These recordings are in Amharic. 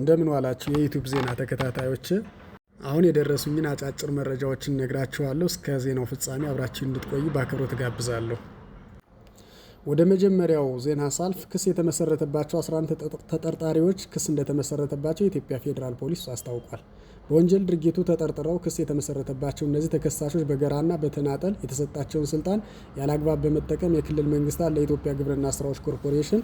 እንደምን ዋላችሁ የዩቱብ ዜና ተከታታዮች፣ አሁን የደረሱኝን አጫጭር መረጃዎችን ነግራችኋለሁ። እስከ ዜናው ፍጻሜ አብራችሁ እንድትቆዩ በአክብሮት ጋብዛለሁ። ወደ መጀመሪያው ዜና ሳልፍ ክስ የተመሰረተባቸው 11 ተጠርጣሪዎች ክስ እንደተመሰረተባቸው የኢትዮጵያ ፌዴራል ፖሊስ አስታውቋል። በወንጀል ድርጊቱ ተጠርጥረው ክስ የተመሰረተባቸው እነዚህ ተከሳሾች በገራና በተናጠል የተሰጣቸውን ስልጣን ያለአግባብ በመጠቀም የክልል መንግስታት ለኢትዮጵያ ግብርና ስራዎች ኮርፖሬሽን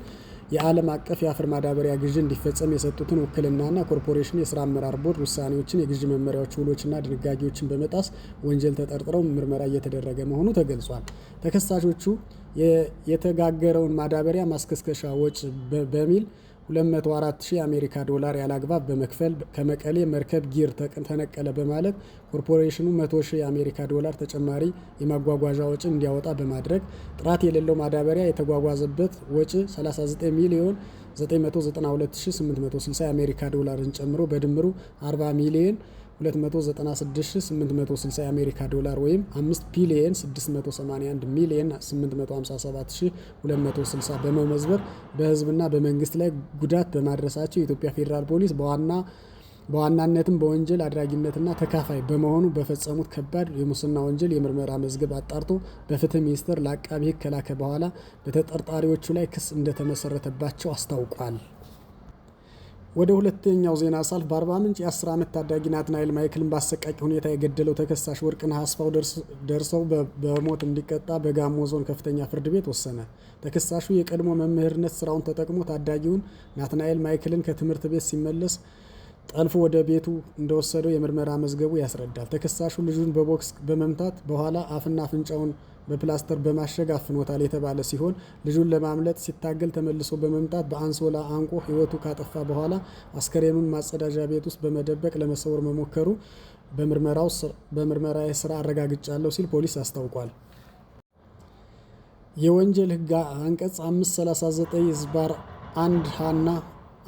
የዓለም አቀፍ የአፈር ማዳበሪያ ግዢ እንዲፈጸም የሰጡትን ውክልናና ኮርፖሬሽኑ የስራ አመራር ቦርድ ውሳኔዎችን፣ የግዢ መመሪያዎች፣ ውሎችና ድንጋጌዎችን በመጣስ ወንጀል ተጠርጥረው ምርመራ እየተደረገ መሆኑ ተገልጿል። ተከሳሾቹ የተጋገረውን ማዳበሪያ ማስከስከሻ ወጪ በሚል 204 ሺህ የአሜሪካ ዶላር ያላግባብ በመክፈል ከመቀሌ መርከብ ጊር ተነቀለ በማለት ኮርፖሬሽኑ 100 ሺህ የአሜሪካ ዶላር ተጨማሪ የማጓጓዣ ወጪ እንዲያወጣ በማድረግ ጥራት የሌለው ማዳበሪያ የተጓጓዘበት ወጪ 39 ሚሊዮን 992860 የአሜሪካ ዶላርን ጨምሮ በድምሩ 40 ሚሊዮን 296860 የአሜሪካ ዶላር ወይም 5 ቢሊየን 681 ሚሊየን 857260 በመመዝበር በህዝብና በመንግስት ላይ ጉዳት በማድረሳቸው የኢትዮጵያ ፌዴራል ፖሊስ በዋና በዋናነትም በወንጀል አድራጊነትና ተካፋይ በመሆኑ በፈጸሙት ከባድ የሙስና ወንጀል የምርመራ መዝገብ አጣርቶ በፍትህ ሚኒስቴር ለአቃቢ ህግ ከላከ በኋላ በተጠርጣሪዎቹ ላይ ክስ እንደተመሰረተባቸው አስታውቋል። ወደ ሁለተኛው ዜና ሳልፍ በአርባ ምንጭ የ10 ዓመት ታዳጊ ናትናኤል ማይክልን በአሰቃቂ ሁኔታ የገደለው ተከሳሽ ወርቅነህ አስፋው ደርሰው በሞት እንዲቀጣ በጋሞ ዞን ከፍተኛ ፍርድ ቤት ወሰነ። ተከሳሹ የቀድሞ መምህርነት ስራውን ተጠቅሞ ታዳጊውን ናትናኤል ማይክልን ከትምህርት ቤት ሲመለስ ጠልፎ ወደ ቤቱ እንደወሰደው የምርመራ መዝገቡ ያስረዳል። ተከሳሹ ልጁን በቦክስ በመምታት በኋላ አፍና አፍንጫውን በፕላስተር በማሸግ አፍኖታል የተባለ ሲሆን ልጁን ለማምለጥ ሲታገል ተመልሶ በመምጣት በአንሶላ አንቆ ሕይወቱ ካጠፋ በኋላ አስከሬኑን ማጸዳጃ ቤት ውስጥ በመደበቅ ለመሰወር መሞከሩ በምርመራ ስራ አረጋግጫለሁ ሲል ፖሊስ አስታውቋል። የወንጀል ሕግ አንቀጽ 539 ዝባር አንድ ሀና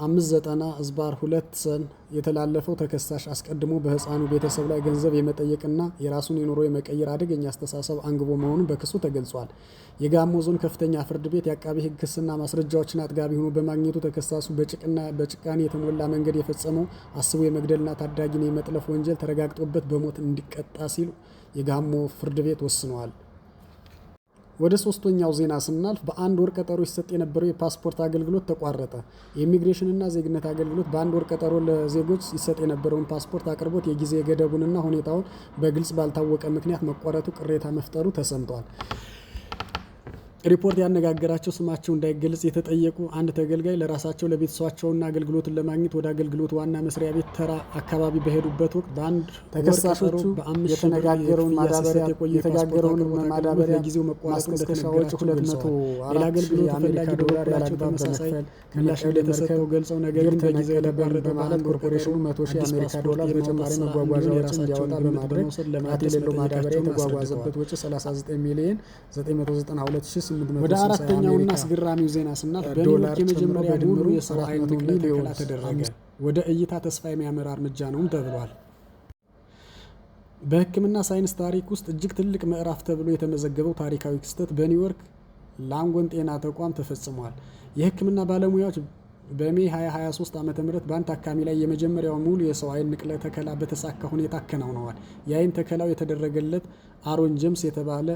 አምስት እዝባር ሁለት ሰን የተላለፈው ተከሳሽ አስቀድሞ በህፃኑ ቤተሰብ ላይ ገንዘብ የመጠየቅና የራሱን የኑሮ የመቀየር አደገኛ አስተሳሰብ አንግቦ መሆኑን በክሱ ተገልጿል። የጋሞ ዞን ከፍተኛ ፍርድ ቤት የአቃቢ ህግ ክስና ማስረጃዎችን አጥጋቢ ሆኖ በማግኘቱ ተከሳሱ በጭቅና በጭካኔ የተሞላ መንገድ የፈጸመው አስቦ የመግደልና ታዳጊን የመጥለፍ ወንጀል ተረጋግጦበት በሞት እንዲቀጣ ሲሉ የጋሞ ፍርድ ቤት ወስነዋል። ወደ ሶስተኛው ዜና ስናልፍ በአንድ ወር ቀጠሮ ይሰጥ የነበረው የፓስፖርት አገልግሎት ተቋረጠ። የኢሚግሬሽንና ዜግነት አገልግሎት በአንድ ወር ቀጠሮ ለዜጎች ይሰጥ የነበረውን ፓስፖርት አቅርቦት የጊዜ ገደቡንና ሁኔታውን በግልጽ ባልታወቀ ምክንያት መቋረጡ ቅሬታ መፍጠሩ ተሰምቷል። ሪፖርት ያነጋገራቸው ስማቸው እንዳይገለጽ የተጠየቁ አንድ ተገልጋይ ለራሳቸው ለቤተሰባቸውና አገልግሎትን ለማግኘት ወደ አገልግሎት ዋና መስሪያ ቤት ተራ አካባቢ በሄዱበት ወቅት በአንድ ተከሳሾቹ የተነጋገረውን ማዳበሪያ የተጋገረውን ማዳበሪያ ጊዜው መቋረጡ እንደተነገራቸው ገልጸዋል። ሌላ አገልግሎት ዶላር በበኩላቸው ተመሳሳይ ምላሽ እንደተሰጠው ገልጸው ነገር ግን በጊዜው የተቋረጠ ማለት ኮርፖሬሽኑ መቶ ሺህ አሜሪካ ዶላር መጓጓዣ በማድረግ በተጨማሪ መጓጓዣዎችን የራሳቸውን ግምት በመውሰድ ለማደስ መሄዳቸውን አስረድተዋል። ወደ አራተኛውና አስገራሚው ዜና ስናት በኒውዮርክ የመጀመሪያ ድምሩ የሰው ኃይል ተከላ ተደረገ። ወደ እይታ ተስፋ የሚያምር እርምጃ ነውም ተብሏል። በሕክምና ሳይንስ ታሪክ ውስጥ እጅግ ትልቅ ምዕራፍ ተብሎ የተመዘገበው ታሪካዊ ክስተት በኒውዮርክ ላንጎን ጤና ተቋም ተፈጽሟል። የሕክምና ባለሙያዎች በሜ 2023 ዓ.ም በአንድ ታካሚ ላይ የመጀመሪያው ሙሉ የሰው አይን ንቅለ ተከላ በተሳካ ሁኔታ አከናውነዋል። የአይን ተከላው የተደረገለት አሮን ጀምስ የተባለ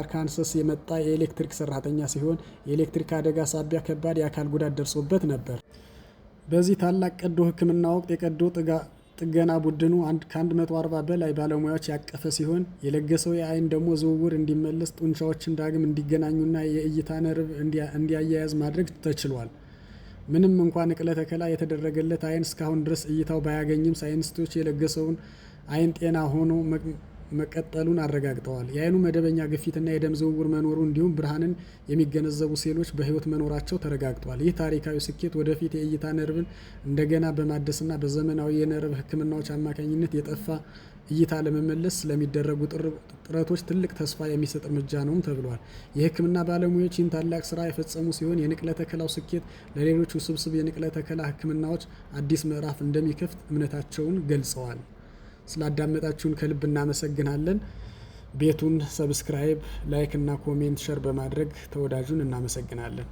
አርካንሰስ የመጣ የኤሌክትሪክ ሰራተኛ ሲሆን የኤሌክትሪክ አደጋ ሳቢያ ከባድ የአካል ጉዳት ደርሶበት ነበር። በዚህ ታላቅ ቀዶ ሕክምና ወቅት የቀዶ ጥገና ቡድኑ ከ140 በላይ ባለሙያዎች ያቀፈ ሲሆን የለገሰው የአይን ደግሞ ዝውውር እንዲመለስ፣ ጡንቻዎችን ዳግም እንዲገናኙና የእይታ ነርቭ እንዲያያያዝ ማድረግ ተችሏል። ምንም እንኳን ንቅለ ተከላ የተደረገለት አይን እስካሁን ድረስ እይታው ባያገኝም ሳይንስቶች የለገሰውን አይን ጤና ሆኖ መቀጠሉን አረጋግጠዋል። የአይኑ መደበኛ ግፊትና የደም ዝውውር መኖሩ እንዲሁም ብርሃንን የሚገነዘቡ ሴሎች በህይወት መኖራቸው ተረጋግጠዋል። ይህ ታሪካዊ ስኬት ወደፊት የእይታ ነርቭን እንደገና በማደስና በዘመናዊ የነርቭ ህክምናዎች አማካኝነት የጠፋ እይታ ለመመለስ ስለሚደረጉ ጥረቶች ትልቅ ተስፋ የሚሰጥ እርምጃ ነውም ተብሏል። የህክምና ባለሙያዎች ይህን ታላቅ ስራ የፈጸሙ ሲሆን የንቅለ ተከላው ስኬት ለሌሎች ውስብስብ የንቅለ ተከላ ህክምናዎች አዲስ ምዕራፍ እንደሚከፍት እምነታቸውን ገልጸዋል። ስላዳመጣችሁን ከልብ እናመሰግናለን። ቤቱን ሰብስክራይብ፣ ላይክ እና ኮሜንት ሸር በማድረግ ተወዳጁን እናመሰግናለን።